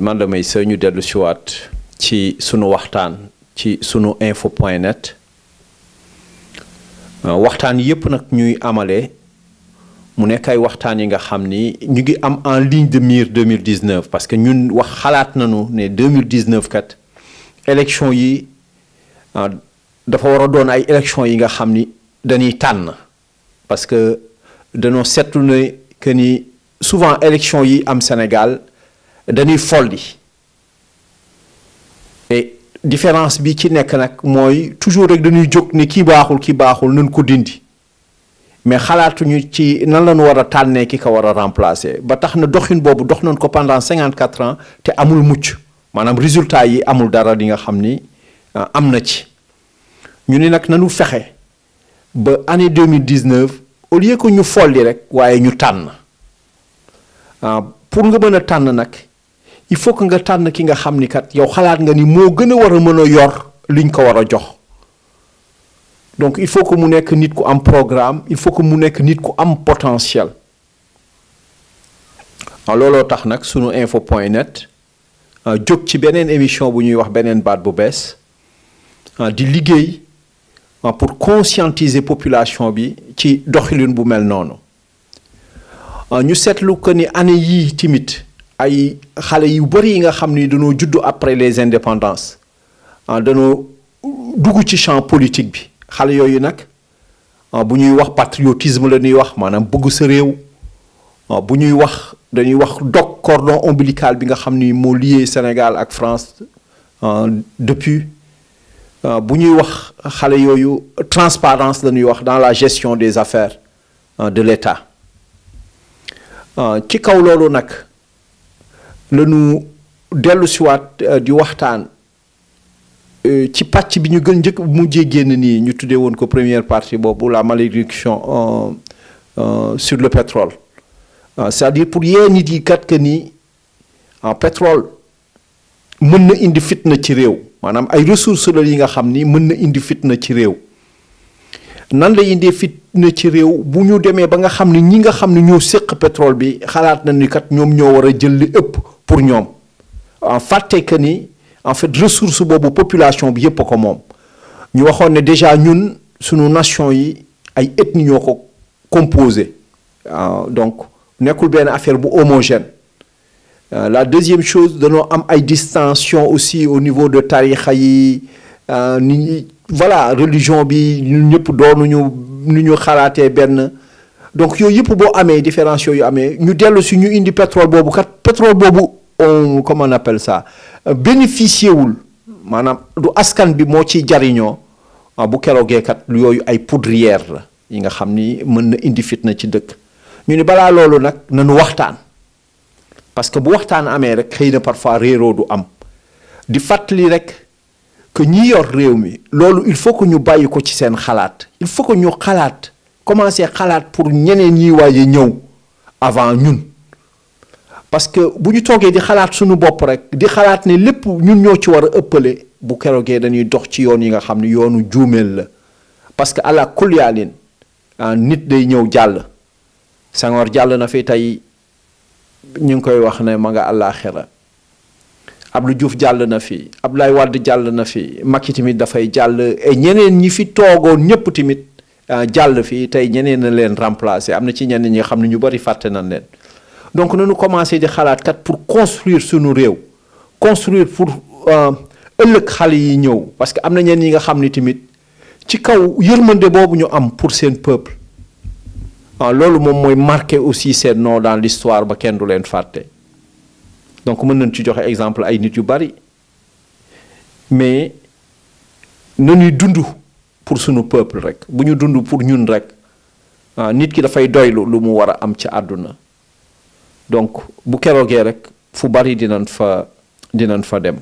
man may sëñ ñu dellu si ci sunu waxtaan ci sunu info point net ah, waxtaan yépp nag ñuy amale mu nekk ay waxtaan yi nga xam ni ñu ngi am en ligne de mire 2019 parce que ñun wax xalaat nañu ne 2019 kat élection yi ah, dafa war a doon ay élection yi nga xam ni dañuy tànn parce que dañoo seetlu ne que ni souvent élection yi am Sénégal dañuy folli et différence bi ci nekk nag mooy toujours rek dañuy jóg ni kii baaxul kii baaxul nañ ko dindi mais xalaatuñu ci nan lañu war a tànnee ki ko war a remplacer ba tax na doxin boobu dox nañ ko pendant cinquante quatre ans te amul mucc maanaam résultat yi amul dara di nga xam ni ah, am na ci ñu ni nag nanu fexe ba année 2019 au lieu que ñu folli rek waaye ñu tànn ah, pour nga mën a tànn nag il faut que nga tànn ki nga xam ni kat yow xalaat nga ni moo gën a war a mën a yor liñ ko war a jox donc il faut que mu nekk nit ku am programme il faut que mu nekk nit ku am potentiel waaw ah, looloo tax nag sunu info point net ah, jóg ci beneen émission bu ñuy wax beneen baat bu bees ah, di liggéey pour conscientiser population bi ci doxalin bu mel noonu ñu seetlu que ni année yii timit ay xale yu bëri yi nga xam ni dañoo juddu après les indépendances ah dañoo dugg ci champ politique bi xale yooyu nag ah, bu ñuy wax patriotisme la ñuy wax maanaam bëgg sa réew ah, bu ñuy wax dañuy wax dog cordon ombilical bi nga xam ni moo lié Sénégal ak France ah, depuis bu ñuy wax xale yooyu transparence la ñuy wax dans la gestion des affaires de l'État ci kaw loolu nag la ñu dellu siwaat euh, di waxtaan euh, ci pàcc bi ñu gën njëkk mujjee génn nii ñu tuddee woon ko première partie boobu la malédiction euh, sur le pétrole c'est-à-dire pour yee nit yi kat que nii pétrole mën na indi fitna ci réew maanaam ay ressources la yi nga xam ni mën na indi fitna ci réew nan la indee fitna ci réew bu ñu demee ba nga xam ni ñi nga xam ni ñoo séq pétrole bi xalaat na ni kat ñoom ñoo war a jël li ëpp pour ñoom en fàtte que ni en fait ressource boobu population bi yëpp ko moom ñu waxoon ne déjà ñun suñu nation yi ay ethnie ñoo ko composé ah, donc nekkul benn affaire bu homogène euh, la deuxième chose dañoo am ay distinction aussi au niveau de tarixa yi euh, ni ñi voilà religion bi ñun ñëpp doonuñu nu ñu xalaatee benn donc yooyu yëpp boo amee différence yooyu amee ñu dellu si ñu indi pétrole boobu kat pétrole boobu on comment on appelle ça bénéficié wul maanaam du askan bi moo ciy jariñoo ah, bu keroogee kat yooyu ay poudrière la yi nga xam ni mën na indi fitna ci dëkk ñu ni balaa loolu nag nañu waxtaan parce que bu waxtaan amee rek xëy na parfois réeroo du am di fàttali rek que ñi yor réew mi loolu il faut que ñu bàyyi ko ci seen xalaat il faut que ñu xalaat commencer xalaat pour ñeneen ñiy waaye ñëw avant ñun. parce que bu ñu toogee di xalaat suñu bopp rek di xalaat ne lépp ñun ñoo ci war a ëppale bu keroogee dañuy dox ci yoon yi nga xam ni yoonu juumeel la parce que ala kulyaalin ah, nit day ñëw jàll Senghor jàll na fii tey ñu ngi koy wax ne ma nga àllaaxira Abdou Diouf jàll na fii fi Abdoulaye Wade jàll na fi Macky tamit dafay jàll et ñeneen ñi fi toogoon ñëpp tamit ah, jàll fii tey ñeneen na leen remplacer am na ci ñenn ñi nga xam ne ñu bari fàtte nañ leen donc nañu commencé di xalaat kat pour construire suñu réew construire pour euh, ëllëg xale yi ñëw parce que am na ñenn ñi nga xam ni tamit ci kaw yërmande boobu ñu am pour seen peuple ah loolu moom mooy marqué aussi seen nom dans l'histoire ba kenn du leen fàtte donc mën nañ ci joxe exemple ay nit yu bari mais nañuy dund pour suñu peuple rek bu ñu dund pour ñun rek ah nit ki dafay doylu lu mu war a am ci àdduna donc bu keroogee rek fu bari dinañ fa dinañ fa dem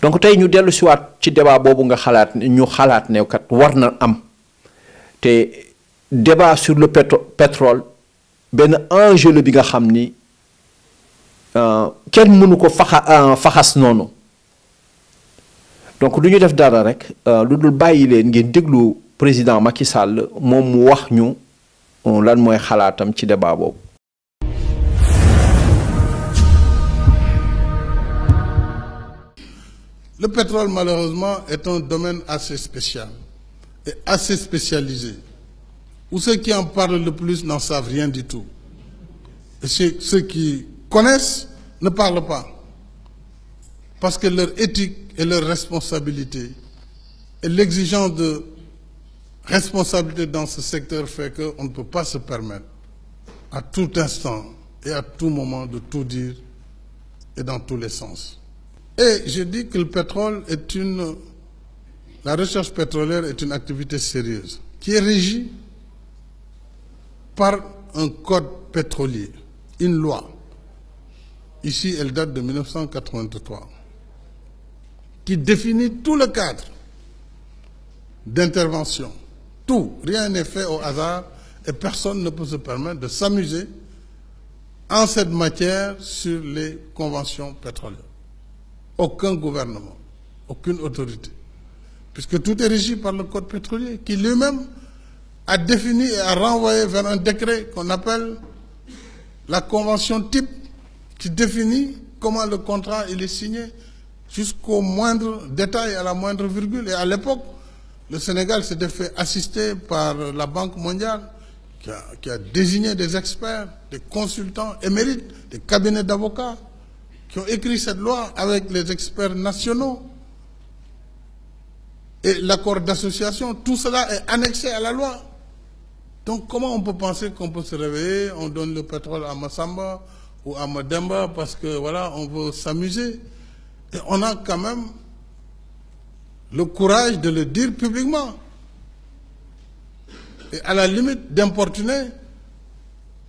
donc tey ñu dellu siwaat ci débat boobu nga xalaat ñu xalaat ne kat war na am te débat sur le pétrole benn enjeu la bi nga xam ni euh, kenn mënu ko faxa euh, faxas noonu donc lu ñu def dara rek euh, lu dul bàyyi leen ngir déglu président Macky sàll moom mu wax ñu lan mooy xalaatam ci débat boobu Le pétrole, malheureusement, est un domaine assez spécial et assez spécialisé, où ceux qui en parlent le plus n'en savent rien du tout. Et ceux qui connaissent ne parlent pas, parce que leur éthique et leur responsabilité et l'exigence de responsabilité dans ce secteur fait qu'on ne peut pas se permettre à tout instant et à tout moment de tout dire et dans tous les sens. Et je dis pétrole est une... La recherche pétrolière activité sérieuse qui par un code pétrolier, une loi. Ici, elle date de 1983, qui définit tout le cadre d'intervention. Tout, rien n'est fait au hasard et personne ne peut de s'amuser en cette matière sur les conventions pétrolières. aucun gouvernement, aucune autorité, puisque tout est régi par le code pétrolier, qui lui-même a défini et a renvoyé vers un décret qu'on appelle la convention type, qui définit comment le contrat il est signé jusqu'au moindre détail, à la moindre virgule. Et à l'époque, le Sénégal s'était fait assister par la Banque mondiale, qui a, qui désigné des experts, des consultants émérites, des cabinets d'avocats. qui ont écrit cette loi avec les experts nationaux et l'accord d'association, tout cela est annexé à la loi. Donc comment on peut penser qu'on peut se réveiller, on donne le pétrole à Massamba ou à Mademba parce que voilà, on veut s'amuser. Et on a quand même le courage de le dire publiquement. Et à la limite d'importuner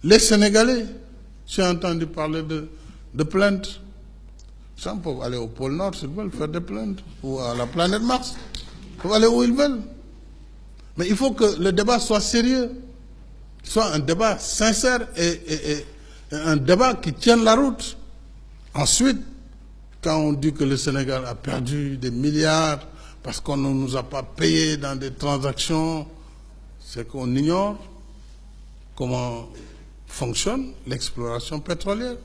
les Sénégalais. J'ai entendu parler de, de plaintes Les gens peuvent aller au pôle Nord s'ils veulent faire des plaintes, ou à la planète Mars. peuvent aller où ils veulent. Mais il faut que le débat soit sérieux, soit un débat sincère et, et, et un débat qui tienne la route. Ensuite, quand on dit que le Sénégal a perdu des milliards parce qu'on ne nous a pas payés dans des transactions, c'est qu'on ignore comment fonctionne l'exploration pétrolière.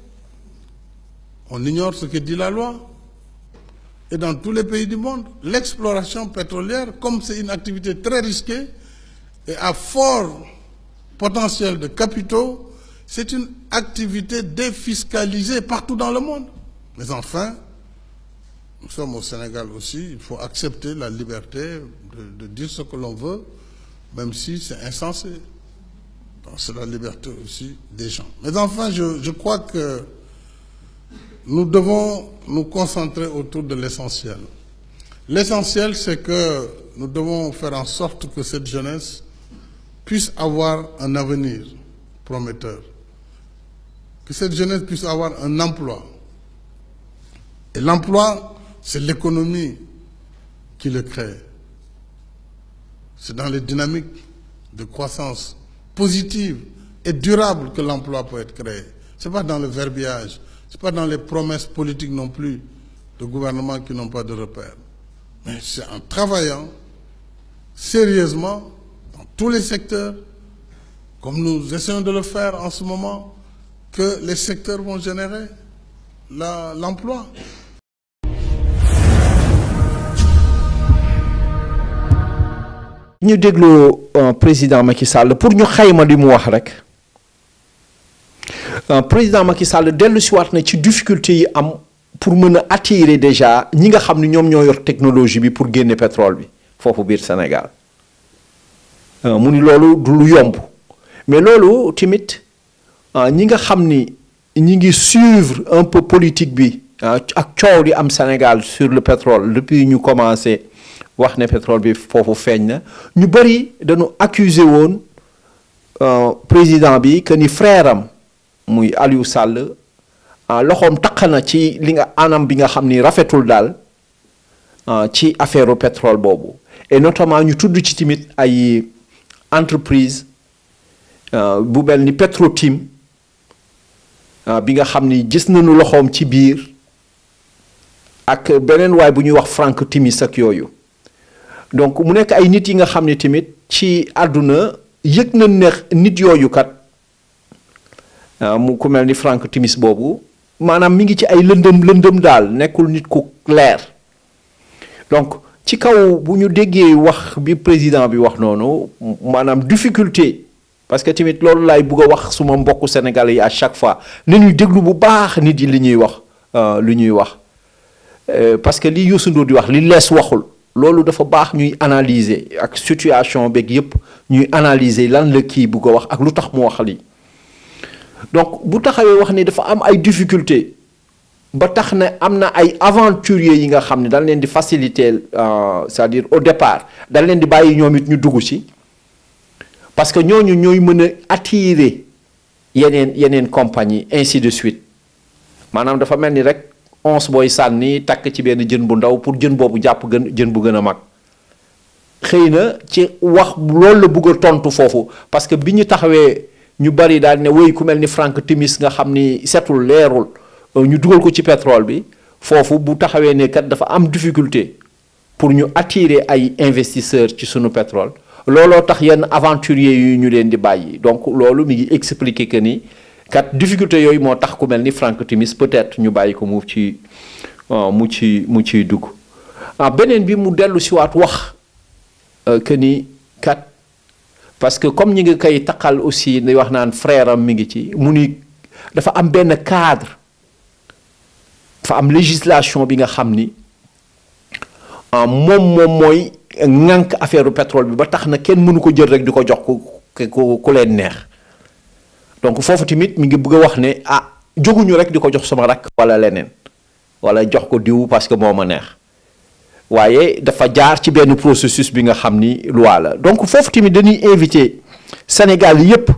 on ignore ce que dit la loi. Et dans tous les pays du monde, l'exploration pétrolière, comme c'est une activité très risquée et à fort potentiel de capitaux, c'est une activité défiscalisée partout dans le monde. Mais enfin, nous sommes au Sénégal aussi, il faut accepter la liberté de, de dire ce que l'on veut, même si c'est insensé. C'est la liberté aussi des gens. Mais enfin, je, je crois que nous devons nous concentrer autour de l'essentiel. L'essentiel, c'est que nous devons faire en sorte que cette jeunesse puisse avoir un avenir prometteur, que cette jeunesse puisse avoir un emploi. Et l'emploi, c'est l'économie qui le crée. C'est dans les dynamiques de croissance positive et durable que l'emploi peut être créé. Ce n'est pas dans le verbiage c'est pas dans les promesses politiques non plus de gouvernements qui n'ont pas de repères. Mais c'est en travaillant sérieusement dans tous les secteurs, comme nous essayons de le faire en ce moment, que les secteurs vont générer l'emploi. ñu déglu euh, président Macky Sall pour ñu xayma li mu wax rek. Euh, président Macky Sall dellu si waat na ci difficulté yi am pour mën a attirer déjà ñi nga xam ni ñoom ñoo yor technologie bi pour génne pétrole bi foofu biir Sénégal euh, mu ni loolu du lu yomb mais loolu tamit euh, ñi nga xam ni ñi ngi suivre un peu politique bi ak coow di am Sénégal sur le pétrole depuis ñu commencé wax ne pétrole bi foofu feeñ na ñu bëri dañu accuser woon président bi que ni frère muy Aliou Sall ah, loxoom taq na ci li nga anam bi nga xam ni rafetul daal ah, ci affaire pétrole boobu et notamment ñu tudd ci tamit ay entreprise ah, bu mel ni Petrotim bi nga xam ni gis nañu loxoom ci biir ak beneen waay bu ñuy wax Frank Timis ak yooyu donc mu nekk ay nit yi nga xam ni tamit ci àdduna yëg na ne nit yooyu Euh, mu ko mel ni Frank Timis boobu maanaam mi ngi ci ay lëndëm lëndëm daal nekkul nit ku leer donc ci kaw bu ñu déggee wax bi président bi wax noonu maanaam difficulté parce que tamit loolu laay bugg a wax suma mbokk Sénégalais yi à chaque fois na ñuy déglu bu baax nit yi li ñuy wax euh, li ñuy wax euh, parce que li Youssou Ndour di wax li lees waxul loolu dafa baax ñuy analyser ak situation beeg yépp ñuy analyser lan la kii bugg a wax ak lu tax mu wax lii. donc bu taxawee wax ni dafa am ay difficulté ba tax na am na ay aventuriers yi nga xam ne dañ leen di faciliter euh, c'est-à-dire au départ dañ leen di bàyyi ñoom it ñu dugg ci parce que ñooñu ñooy mën a attirer yeneen yeneen compagnie ainsi de suite maanaam dafa mel ni rek onze booy sànni takk ci benn jën bu ndaw pour jën boobu jàpp gën jën bu gën a mag xëy na ci wax loolu la bëgg tontu foofu parce que bi ñu taxawee ñu bari daal ne wéy ku mel ni Franck Timis nga xam ni setul leerul euh, ñu dugal ko ci pétrole bi foofu bu taxawee ne kat dafa am difficulté pour ñu attirer ay investisseurs ci sunu pétrole looloo tax yenn aventuriers yu ñu leen di bàyyi donc loolu mu ngi expliquer que ni kat difficulté yooyu moo tax ku mel ni Franck Timis peut-être ñu bàyyi ko mu ci euh, mu ci mu ciy dugg ah, beneen bi mu dellu siwaat wax euh, que kat parce que comme ñi ngi koy taqal aussi di wax naan frère mu ngi ci mu ni dafa am benn cadre dafa am législation bi nga xam ni ah, moom moom mooy ŋànk affaire petrole bi ba tax na kenn mënu ko jël rek di ko jox ku ku ku leen neex donc foofu tamit mu ngi bëgg a wax ne ah jóguñu rek di ko jox sama rakk walla leneen walla jox ko diw parce que moo ma neex. waaye dafa jaar ci benn processus bi nga xam ni loi la donc foofu tamit dañuy invité Sénégal yépp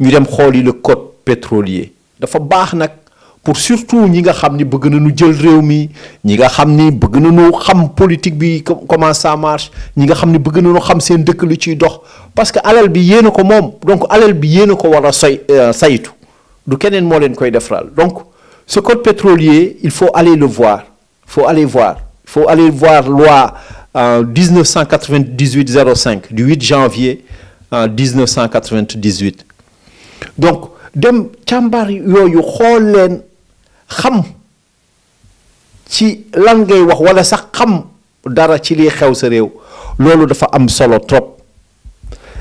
ñu dem xool yi le code pétrolier dafa baax nag pour surtout ñi nga xam ni bëgg nañu jël réew mi ñi nga xam ni bëgg nañu xam politique bi comment ça marche ñi nga xam ni bëgg na nañu xam seen dëkk lu ciy dox parce que alal bi yéen ko moom donc alal bi yéen a ko war a soy euh, saytu du keneen moo leen koy defaral donc ce code pétrolier il faut aller le voir faut aller voir Il faut aller voir loi euh, 1998-05 du 8 janvier euh, 1998. Donc, dem càmbar yooyu xool leen xam ci lan ngay wax walla sax xam dara ci liy xew sa réew loolu dafa am solo trop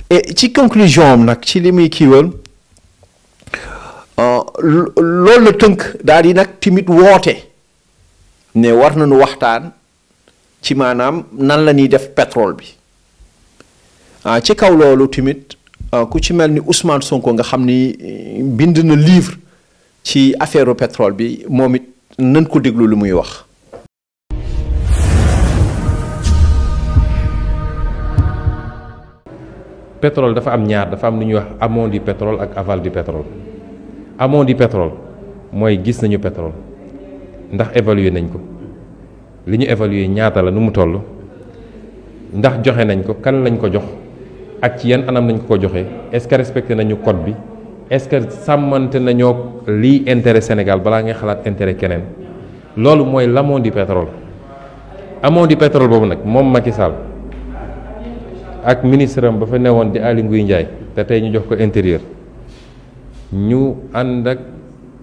et ci conclusion am nag ci li muy kiiwal euh, loolu la tënk daal di nag timit woote ne war nañu waxtaan ci maanaam nan la ñuy def petrol bi ah ci kaw loolu tamit ah, ku ci mel ni Ousmane Sonko nga xam ni eh, bind na livre ci affaire petrol bi moom it nan ko déglu lu muy wax. pétrole dafa am ñaar dafa am lu ñuy wax amont du pétrole ak aval du pétrole amont du pétrole mooy gis nañu pétrole. ndax évaluer nañ ko li ñu évaluer ñaata la nu mu toll ndax joxe nañ ko kan lañ ko jox ak ci yan anam nañ ko ko joxe est-ce que respecté nañu code bi est-ce sàmmante nañoo lii intere Sénégal balaa ngay xalaat intérêt keneen loolu mooy l'amont di pétrole amont du pétrole boobu nag moom Macky Sall ak ministre am ba fa newoon di Aly Ngouille Ndiaye te tey ñu jox ko intérieur ñu ànd ak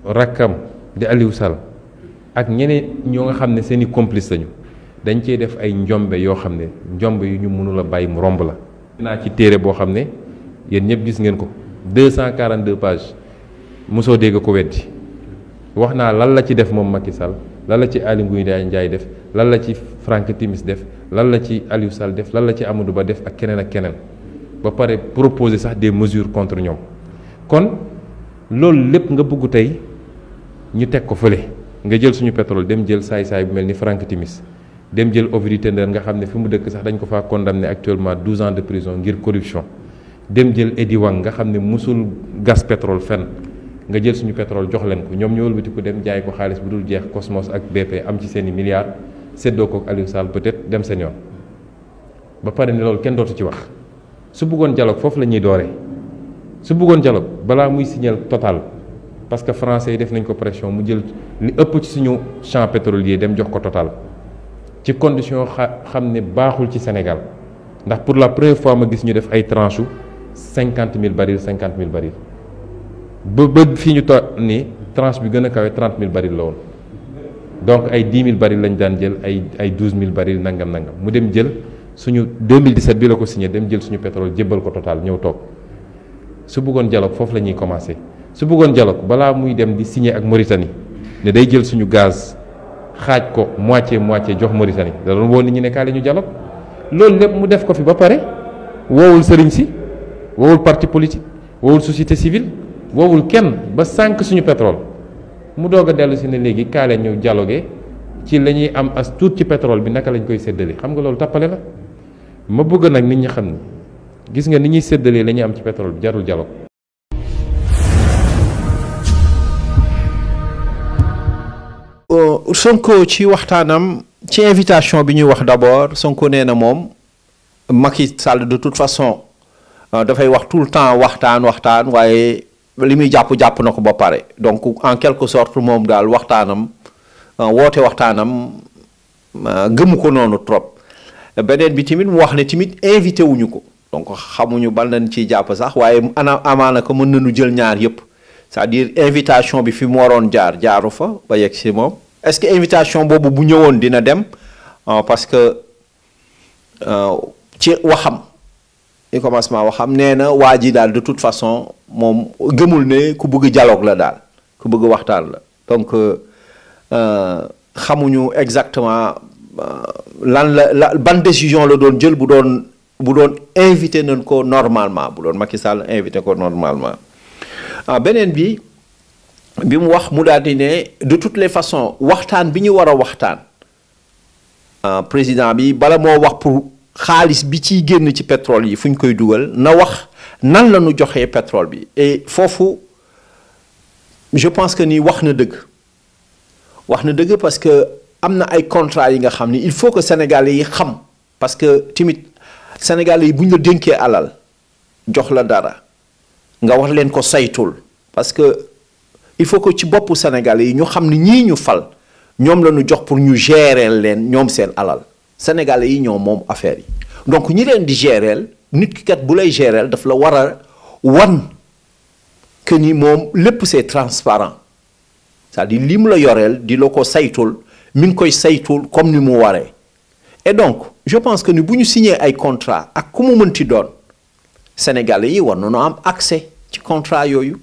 rakkam di Aliou Sall ak ñeneen ñoo nga xam ne seen i complice lañu dañ cee def ay njombe yoo xam ne njombe yu ñu mënul a bàyyi mu romb la. naa ci téere boo xam ne yéen ñëpp gis ngeen ko 242 pages mosoo dégg ko weddi wax naa lan la ci def moom Macky Sall lan la ci Aly Ngouille Ndiaye def lan la ci Frank Timis def lan la ci Aliou Sall def lan la ci Amadou Ba def ak keneen ak keneen ba pare proposer sax des mesures contre ñoom kon loolu lépp nga bëgg tey ñu teg ko fële. nga jël suñu pétrole dem jël saay-saay bu mel ni Frank Timis dem jël Ovidi Tender nga xam ne fi mu dëkk sax dañ ko faa condamné actuellement 12 ans de prison ngir corruption dem jël Edi Wang nga xam ne musul gas pétrole fenn nga jël suñu pétrole jox leen ko ñoom ñu wëlbatiku dem jaay ko xaalis bu dul jeex Cosmos ak BP am ci seen i seddoo ko ak Aliou Sall être dem seen yoon ba pare ne loolu kenn dootu ci wax su buggoon dialogue foofu la ñuy dooree su bëggoon dialogue balaa muy signal total. parce que français yi def nañ ko pression mu jël li ëpp ci suñu champ pétrolier dem jox ko Total ci condition xa xam ne baaxul ci Sénégal ndax pour la première fois ma gis ñu def ay tranche u cinquante mille baril cinquante mille baril ba ba fii ñu toog ni tranche bi gën a kawe trente mille baril la woon donc ay dix mille baril lañ daan jël ay ay douze mille baril nangam nangam mu dem jël suñu 2017 bi la ko signé dem jël suñu pétrole jébbal ko Total ñëw toog su bëggoon dialogue foofu la ñuy commencé. su bëggoon dialogue balaa muy dem di signer ak Mauritanie ne day jël suñu gaz xaaj ko moitié moitié jox Mauritanie da doon woo nit ñi ne kaale ñu dialogue loolu lépp mu def ko fi ba pare wowul sëriñ si woowul parti politique woowul société civile wowul kenn ba sànq suñu pétrole mu doog a dellu si ne léegi kaale ñu dialogue ci la ñuy am as ci pétrole bi naka lañ koy séddale xam nga loolu tappale la ma bëgg nag nit ñi xam ni gis nga ni ñuy séddalee la ñuy am ci pétrole bi jarul dialogue Euh, Sonko ci waxtaanam ci invitation bi ñuy wax d'abord Sonko nee na moom Macky Sall de toute façon euh, dafay wax tout le temps waxtaan waxtaan waaye li muy jàpp jàpp na ko ba pare donc en quelque sorte moom daal waxtaanam euh, woote waxtaanam gëmu ko noonu trop beneen bi tamit mu wax ne tamit invité wuñu ko donc xamuñu ban lañ ciy jàpp sax waaye anaa amaana ko mën nañu jël ñaar yépp c'est-à-dire invitation bi fi mu waroon jaar jaaru fa ba yegg si moom est-ce que invitation boobu bu ñëwoon dina dem euh, parce que euh, ci waxam i commencement waxam nee na waa ji daal de tout façon moom gëmul ne ku bëgg dialogue la daal ku bëgg waxtaan la donc euh, xamuñu exactement lan la la ban décision la doon jël bu doon bu doon invité nañ ko normalement bu doon Macky Sall invité ko normalement ah, beneen bi bi mu wax mu daal di ne de toutes les façons waxtaan bi ñu war a waxtaan euh, président bi bala moo wax pour xaalis bi ciy génn ci pétrole yi fu ñu koy dugal na wax nan la ñu joxee pétrole bi e foofu je pense que ni wax na dëgg wax na dëgg parce que am na ay contrat yi nga xam ni il faut que sénégalais yi xam parce que tamit sénégalais yi bu ñu la dénkee alal jox la dara nga wax leen ko saytul parce il faut que ci boppu Sénégalais yi ñu xam ne ñii ñu fal ñoom lañu jox pour ñu gérer leen ñoom seen alal Sénégalais yi ñoom moom affaire yi donc ñi leen di gérer nit ki kat bu lay gérer daf la war a wan que ni moom lépp c'est transparent cest à lii mu la yoreel di la ko saytul mu ngi koy saytul comme ni mu waree et donc je pense que ni bu ñu signé ay contrat ak ku mu mënti doon Sénégalais yi war nañoo am accès ci contrat yooyu.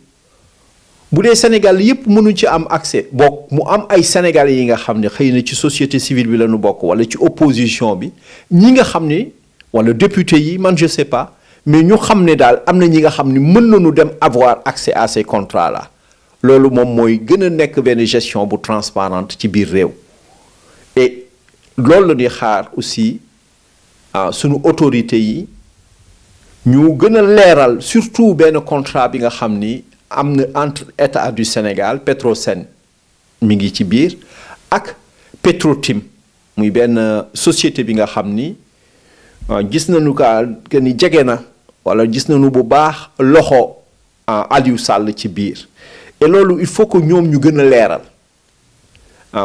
bu dee Sénégal yëpp mënuñ ci am accès bokk mu am ay Sénégalais yi nga xam ne xëy na ci société civile bi la ñu bokk wala ci opposition bi ñi nga xam ne wala député yi man je sais pas mais ñu xam ne daal am na ñi nga xam ni mën na ñu dem avoir accès à ces contrats là loolu moom mooy gën a nekk benn gestion bu transparente ci biir réew et loolu la ñuy xaar aussi ah sunu autorités yi ñu gën a leeral surtout benn contrat bi nga xam ni am na entre état du Sénégal Petrosen mi ngi ci biir ak Petrotim muy benn euh, société bi nga xam ni euh, gis nañu ka que ni jege na wala gis nañu bu baax loxo euh, Aliou sàll ci biir te loolu il faut que ñoom ñu gën a leeral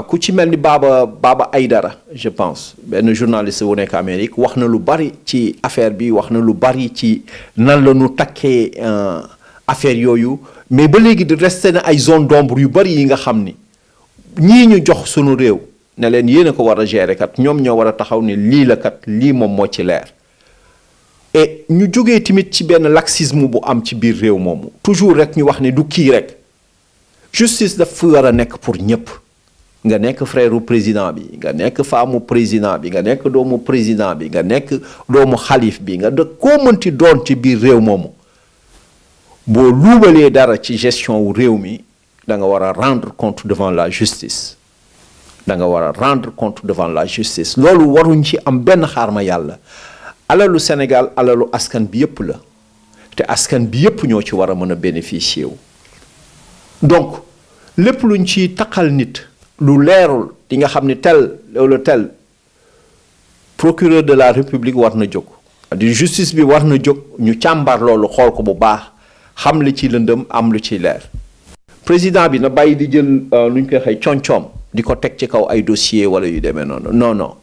ku ci mel ni Baba Baba Aydara je pense benn journaliste wu nekk Amérique wax na lu bari ci affaire bi wax na lu bari ci nan la ñu takkee. affaire yooyu mais ba léegi di resté na ay zone d'ombre yu bari yi nga xam ni ñii ñu jox sunu réew ne leen yéen ko war a gérer kat ñoom ñoo war a taxaw ni lii la kat lii moom moo ci leer ñu jógee tamit ci benn laxisme bu am ci biir réew moomu toujours rek ñu wax ni du kii rek justice daf fu war a nekk pour ñëpp nga nekk freeru président bi nga nekk faamu président bi nga nekk doomu président bi nga nekk doomu xalif bi nga de koo mënti doon ci biir réew moomu boo luubalee dara ci gestion wu réew mi danga war a rendre compte devant la justice da nga war a rendre compte devant la justice loolu waruñ ci am benn xaar ma yàlla alalu Sénégal alalu askan bi yëpp la te askan bi yëpp ñoo ci war a mën a bénéficier wu donc lépp luñ ci taqal nit lu leerul di nga xam ni tel loolu tel procureur de la république war na jóg di justice bi war na jóg ñu càmbar loolu xool ko bu baax xam li ci lëndëm am lu ci leer président bi na bàyyi di jël euh, nu ñu koy xëy coom-coom di ko teg ci kaw ay dossier wala yu demee noonu non non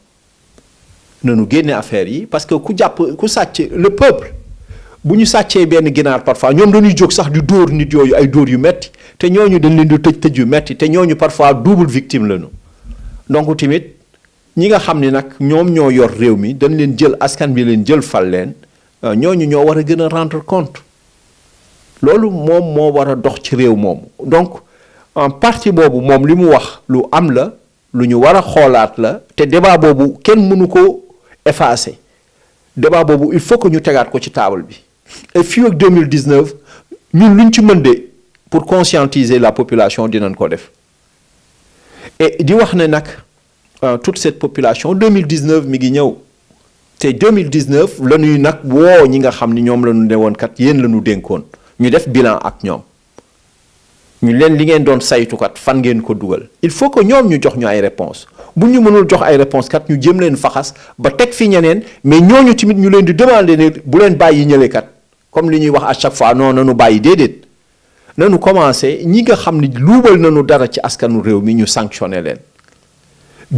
nanu génne affaire yi parce que ku jàpp ku sàcc le peuple bu ñu sàccee benn ginaar parfois ñoom dañuy jóg sax di dóor nit yooyu ay dóor yu metti te ñooñu dañ leen di tëj tëj yu metti te ñooñu parfois double victime lañu donc tamit ñi nga xam ni nag ñoom ñoo yor réew mi dañ leen jël askan bi leen jël fal leen euh, ñooñu ñoo war a gën a rendre compte loolu moom moo war a dox ci réew moomu donc en partie boobu moom li mu wax lu am la lu ñu war a xoolaat la te débat boobu kenn mënu ko effacer débat boobu il faut que ñu tegaat ko ci taabal bi et fii ak 2019 ñun luñ ci mën de pour conscientiser la population dinañ ko def et di wax ne nag euh, tout cette population 2019 mi ngi ñëw te 2019 la ñuy nag woo ñi nga xam ni ñoom la ñu ne woon kat yéen la ñu dénkoon. ñu def bilan ak ñoom ñu leen li ngeen doon saytukat fan ngeen ko dugal il faut que ñoom ñu jox ñu ay réponse bu ñu mënul jox ay réponse kat ñu jëm leen faxas ba teg fi ñeneen mais ñoo ñu tamit ñu leen di demander ne bu leen bàyyi ñëlekat comme li ñuy wax à chaque fois non nanu bàyyi déedéet nanu commencé ñi nga xam ni luubal nanu dara ci askanu réew mi ñu sanctionné leen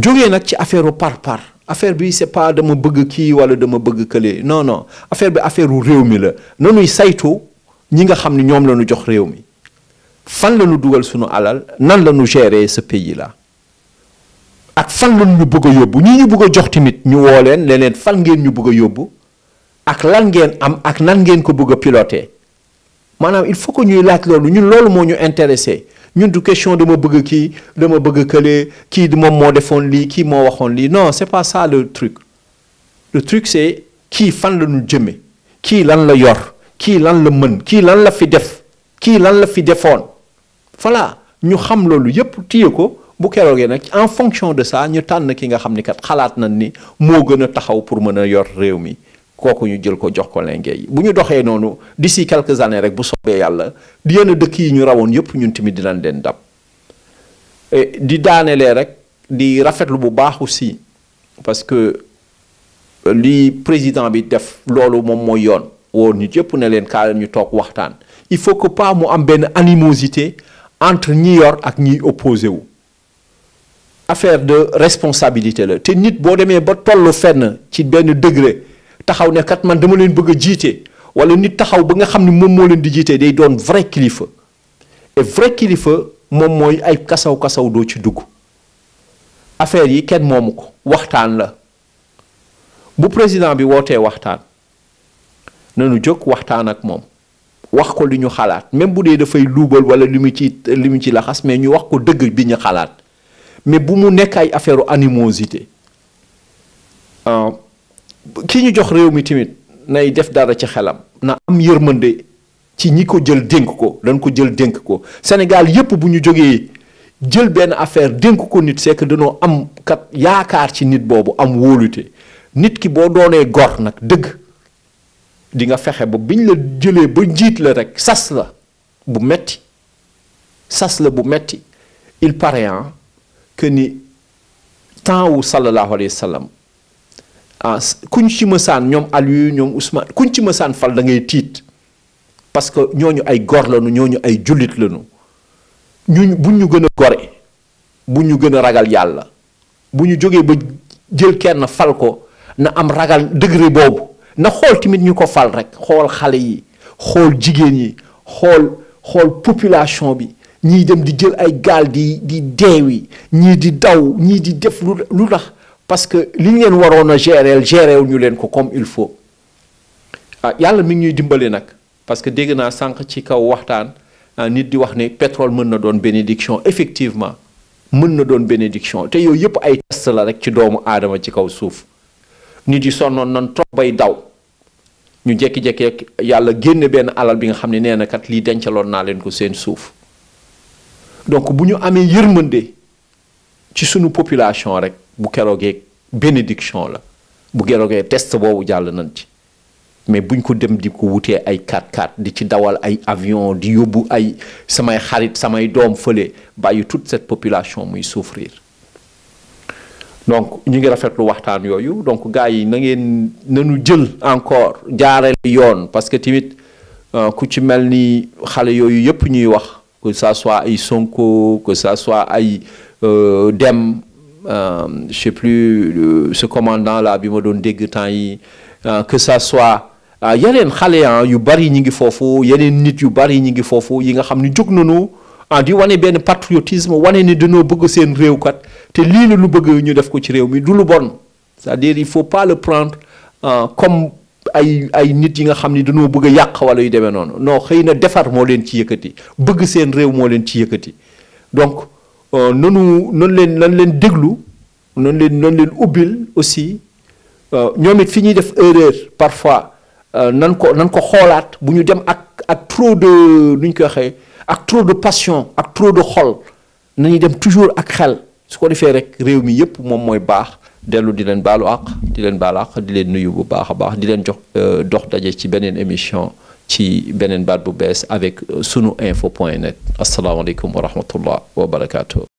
jógee nag ci affaire par par affaire bi c'est pas dama bëgg kii wala dama bëgg kële non affaire bi affaire u réew mi la saytu ñi nga xam ne ñoom la jox réew mi fan la ñu dugal suñu alal nan la ñu sa ce pays ak fan la ñu bëgg yóbbu ñi ñu bëgg a jox tamit ñu woo leen leneen fan ngeen ñu bugg a yóbbu ak lan ngeen am ak nan ngeen ko bëgg a piloter maanaam il faut que ñuy laaj loolu ñun loolu moo ñu intéressé ñun du question dama bëgg kii dama bëgg kële kii moom moo defoon lii kii moo waxoon lii non c'est pas ça le truc le truc c'est kii fan la ñu jëme kii lan la yor. kii lan la mën kii lan la fi def kii lan la fi defoon voilà ñu xam loolu yépp téye ko bu keroogee nag en fonction de ça ñu tànn ki nga xam ni kat xalaat nañ ni moo gën a taxaw pour mën a yor réew mi kooku ñu jël ko jox ko lenge yi bu ñu doxee noonu d'ici quelques années rek bu soobee yàlla di yenn dëkk yi ñu rawoon yépp ñun tamit dinañ leen dab di daanelee rek di rafetlu bu baaxu si parce que li président bi def loolu moom mooy yoon. woo ñu jëpp na leen kaa ñu toog waxtaan il faut que pas mu am benn animosité entre ñi yor ak ñiy opposé wu affaire de responsabilité la te nit boo demee ba toll fenn ci benn degré taxaw ne kat man dama leen bëgg a jiite wala nit taxaw ba nga xam ni moom moo leen di jiitee day doon vrai kilifa et vrai kilifa moom mooy ay kasaw kasaw doo ci dugg affaire yi kenn moomu ko waxtaan la bu président bi wootee waxtaan. nanu jóg waxtaan ak moom wax ko li ñu xalaat même bu dee dafay luubal wala li mu ci limu ci laxas mais ñu wax ko dëgg bi ñu xalaat mais bu mu nekk ay affaire animosité euh, ki ñu jox réew mi tamit nay def dara ci xelam na am yërmande ci ñi ko jël dénk ko dañ ko jël dénk ko senegal yépp bu ñu jógee jël benn affaire dénk ko nit c'est que dañoo am kat yaakaar ci nit boobu am wóolute nit ki boo doonee gor nag dëgg di nga fexe ba biñ la jëlee ba njiit la rek sas la bu metti sas la bu metti il paraît hein que ni temps wu sallallahu alayhi wa sallam ah kuñ ci mësaan ñoom Aliou ñoom Ousmane kuñ ci mësaan fal da ngay tiit parce que ñooñu ay gor lañu ñu ay jullit lañu ñu bu ñu gën a gore bu ñu gën a ragal yàlla bu ñu jógee ba jël kenn fal ko na am ragal degré boobu. na xool tamit ñu ko fal rek xool xale yi xool jigéen yi xool xool population bi ñii dem di jël ay gaal di di deewi ñii di daw ñii di def lu lu tax parce que li ñu leen waroon a gérer gérer ñu leen ko comme il faut ah yàlla mi ngi ñuy dimbale nag parce que dégg naa sànq ci kaw waxtaan ah, nit di wax ne pétrole mën na doon bénédiction effectivement mën na doon bénédiction te yooyu yëpp ay test la rek ci doomu aadama ci kaw suuf. nit yi sonnoon nan trop bay daw ñu jekki-jekkee yàlla génne benn alal bi nga xam ne nee na kat lii dencaloon naa leen ko seen suuf donc bu ñu amee yërmande ci sunu population rek bu keroogee bénédiction la bu keroogee test boobu jàll nañ ci mais buñ ko dem di ko wutee ay 4 x di ci dawal ay avion di yóbbu ay samay xarit samay doom fële bàyyi toute cette population muy souffrir donc ñu ngi rafetlu waxtaan yooyu donc gars yi na ngeen nanu jël encore jaareel yoon parce que tamit euh, ku ci mel ni xale yooyu yëpp ñuy wax que ça soit ay Sonko que ça soit ay euh, Dem euh, je sais plus ce commandant là bi ma doon dégg temps yi que ça soit yeneen xale yu bari ñu ngi foofu yeneen nit yu bari ñu ngi foofu yi nga xam ni jóg nañu. ah di wane benn patriotisme wane ni dañoo bëgg seen réew kat te lii la lu bëgg ñu def ko ci réew mi du lu bon cest à il faut pas le ah, comme ay ay nit yi nga xam ni dañoo bëgg a yàq wala yu demee noonu non xëy na defar moo leen ci yëkkati bëgg seen réew moo leen ci yëkkati donc euh, nanu nanu leen nan leen déglu nanu leen nanu leen ubbil aussi euh, ñoom it fi ñuy def erreur parfois euh, nan ko nan ko xoolaat bu ñu dem ak ak trop de nu ñu koy waxee. ak trop de passion ak trop de xol nañu dem toujours ak xel su ko defee rek réew mi yépp moom mooy baax dellu di leen baalu àq di leen baal àq di leen nuyu bu baax a baax di leen jox euh, dox daje ci beneen émission ci beneen baat bu bees avec euh, sunu info point net asalaamaaleykum wa rahmatullah wa barakaatu.